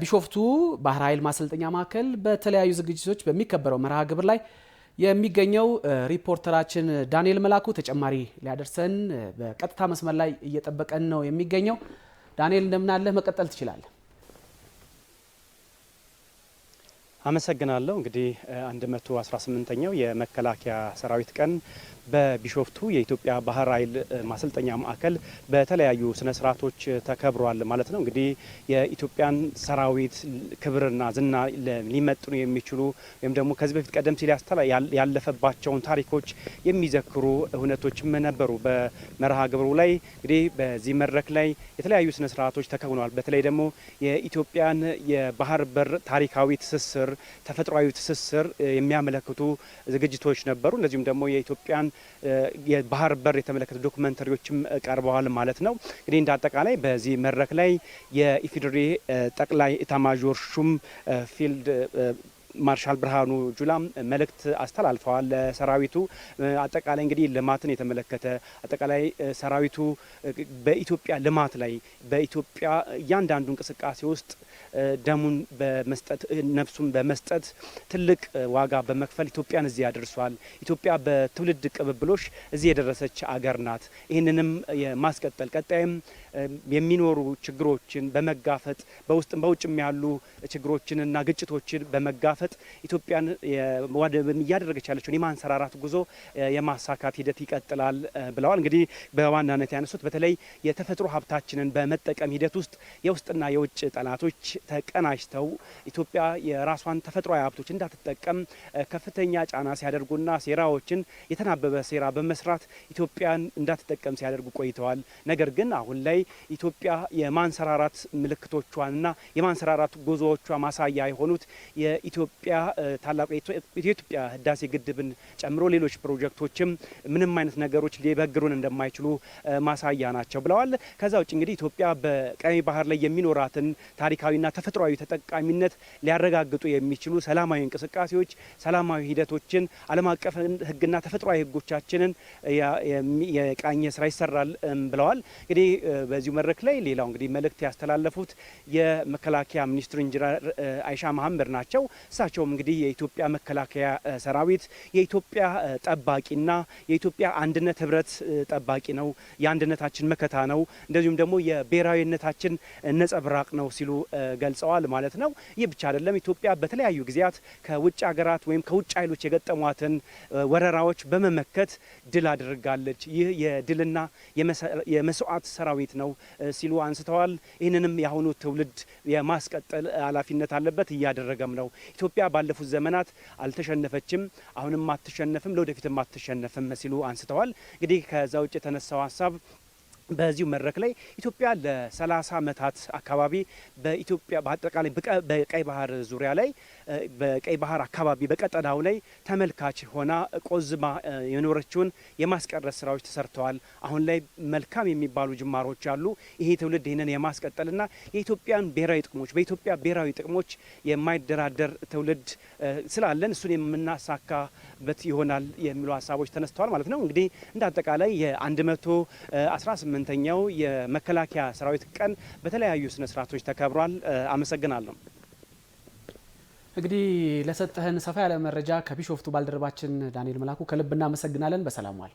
ቢሾፍቱ ባህር ኃይል ማሰልጠኛ ማዕከል በተለያዩ ዝግጅቶች በሚከበረው መርሃ ግብር ላይ የሚገኘው ሪፖርተራችን ዳንኤል መላኩ ተጨማሪ ሊያደርሰን በቀጥታ መስመር ላይ እየጠበቀን ነው የሚገኘው። ዳንኤል እንደምናለህ፣ መቀጠል ትችላለህ። አመሰግናለሁ። እንግዲህ 118ኛው የመከላከያ ሰራዊት ቀን በቢሾፍቱ የኢትዮጵያ ባህር ኃይል ማሰልጠኛ ማዕከል በተለያዩ ስነ ስርዓቶች ተከብሯል ማለት ነው። እንግዲህ የኢትዮጵያን ሰራዊት ክብርና ዝና ሊመጥኑ የሚችሉ ወይም ደግሞ ከዚህ በፊት ቀደም ሲል ያለፈባቸውን ታሪኮች የሚዘክሩ እውነቶችም ነበሩ በመርሃ ግብሩ ላይ። እንግዲህ በዚህ መድረክ ላይ የተለያዩ ስነ ስርዓቶች ተከውነዋል። በተለይ ደግሞ የኢትዮጵያን የባህር በር ታሪካዊ ትስስር ተፈጥሯዊ ትስስር የሚያመለክቱ ዝግጅቶች ነበሩ። እንደዚሁም ደግሞ የኢትዮጵያን የባህር በር የተመለከቱ ዶክመንተሪዎችም ቀርበዋል ማለት ነው። እንግዲህ እንደ አጠቃላይ በዚህ መድረክ ላይ የኢፌዴሪ ጠቅላይ ኢታማዦር ሹም ፊልድ ማርሻል ብርሃኑ ጁላ መልእክት አስተላልፈዋል ለሰራዊቱ። አጠቃላይ እንግዲህ ልማትን የተመለከተ አጠቃላይ ሰራዊቱ በኢትዮጵያ ልማት ላይ በኢትዮጵያ እያንዳንዱ እንቅስቃሴ ውስጥ ደሙን በመስጠት ነፍሱን በመስጠት ትልቅ ዋጋ በመክፈል ኢትዮጵያን እዚህ ያደርሷል። ኢትዮጵያ በትውልድ ቅብብሎሽ እዚህ የደረሰች አገር ናት። ይህንንም የማስቀጠል ቀጣይም የሚኖሩ ችግሮችን በመጋፈጥ በውስጥም በውጭም ያሉ ችግሮችንና ግጭቶችን በመጋፈጥ ኢትዮጵያን እያደረገች ያለችውን የማንሰራራት ጉዞ የማሳካት ሂደት ይቀጥላል ብለዋል። እንግዲህ በዋናነት ያነሱት በተለይ የተፈጥሮ ሀብታችንን በመጠቀም ሂደት ውስጥ የውስጥና የውጭ ጠላቶች ተቀናጅተው ኢትዮጵያ የራሷን ተፈጥሯዊ ሀብቶች እንዳትጠቀም ከፍተኛ ጫና ሲያደርጉና ሴራዎችን የተናበበ ሴራ በመስራት ኢትዮጵያን እንዳትጠቀም ሲያደርጉ ቆይተዋል። ነገር ግን አሁን ላይ ኢትዮጵያ የማንሰራራት ምልክቶቿንና የማንሰራራት ጉዞዎቿ ማሳያ የሆኑት የኢትዮጵያ ታላቁ የኢትዮጵያ ህዳሴ ግድብን ጨምሮ ሌሎች ፕሮጀክቶችም ምንም አይነት ነገሮች ሊበግሩን እንደማይችሉ ማሳያ ናቸው ብለዋል። ከዛ ውጭ እንግዲህ ኢትዮጵያ በቀይ ባህር ላይ የሚኖራትን ታሪካዊና ተፈጥሯዊ ተጠቃሚነት ሊያረጋግጡ የሚችሉ ሰላማዊ እንቅስቃሴዎች፣ ሰላማዊ ሂደቶችን፣ ዓለም አቀፍ ህግና ተፈጥሯዊ ህጎቻችንን የቃኘ ስራ ይሰራል ብለዋል። እንግዲህ በዚሁ መድረክ ላይ ሌላው እንግዲህ መልእክት ያስተላለፉት የመከላከያ ሚኒስትሩ ኢንጂነር አይሻ መሀመድ ናቸው። እሳቸውም እንግዲህ የኢትዮጵያ መከላከያ ሰራዊት የኢትዮጵያ ጠባቂና የኢትዮጵያ አንድነት ህብረት ጠባቂ ነው፣ የአንድነታችን መከታ ነው፣ እንደዚሁም ደግሞ የብሔራዊነታችን ነጸብራቅ ነው ሲሉ ገልጸዋል ማለት ነው። ይህ ብቻ አይደለም። ኢትዮጵያ በተለያዩ ጊዜያት ከውጭ ሀገራት ወይም ከውጭ ኃይሎች የገጠሟትን ወረራዎች በመመከት ድል አድርጋለች። ይህ የድልና የመስዋዕት ሰራዊት ነው ሲሉ አንስተዋል። ይህንንም የአሁኑ ትውልድ የማስቀጠል ኃላፊነት አለበት፣ እያደረገም ነው። ኢትዮጵያ ባለፉት ዘመናት አልተሸነፈችም፣ አሁንም አትሸነፍም፣ ለወደፊትም አትሸነፍም ሲሉ አንስተዋል። እንግዲህ ከዛ ውጭ የተነሳው ሀሳብ በዚሁ መድረክ ላይ ኢትዮጵያ ለ30 ዓመታት አካባቢ በኢትዮጵያ በአጠቃላይ በቀይ ባህር ዙሪያ ላይ በቀይ ባህር አካባቢ በቀጠናው ላይ ተመልካች ሆና ቆዝማ የኖረችውን የማስቀረት ስራዎች ተሰርተዋል። አሁን ላይ መልካም የሚባሉ ጅማሮች አሉ። ይሄ ትውልድ ይህንን የማስቀጠልና የኢትዮጵያን ብሔራዊ ጥቅሞች በኢትዮጵያ ብሔራዊ ጥቅሞች የማይደራደር ትውልድ ስላለን እሱን የምናሳካበት ይሆናል የሚሉ ሀሳቦች ተነስተዋል ማለት ነው። እንግዲህ እንደ አጠቃላይ የ118 ስምንተኛው የመከላከያ ሰራዊት ቀን በተለያዩ ስነስርዓቶች ተከብሯል። አመሰግናለሁ። እንግዲህ ለሰጠህን ሰፋ ያለ መረጃ ከቢሾፍቱ ባልደረባችን ዳንኤል መላኩ ከልብ እናመሰግናለን። በሰላም ዋል።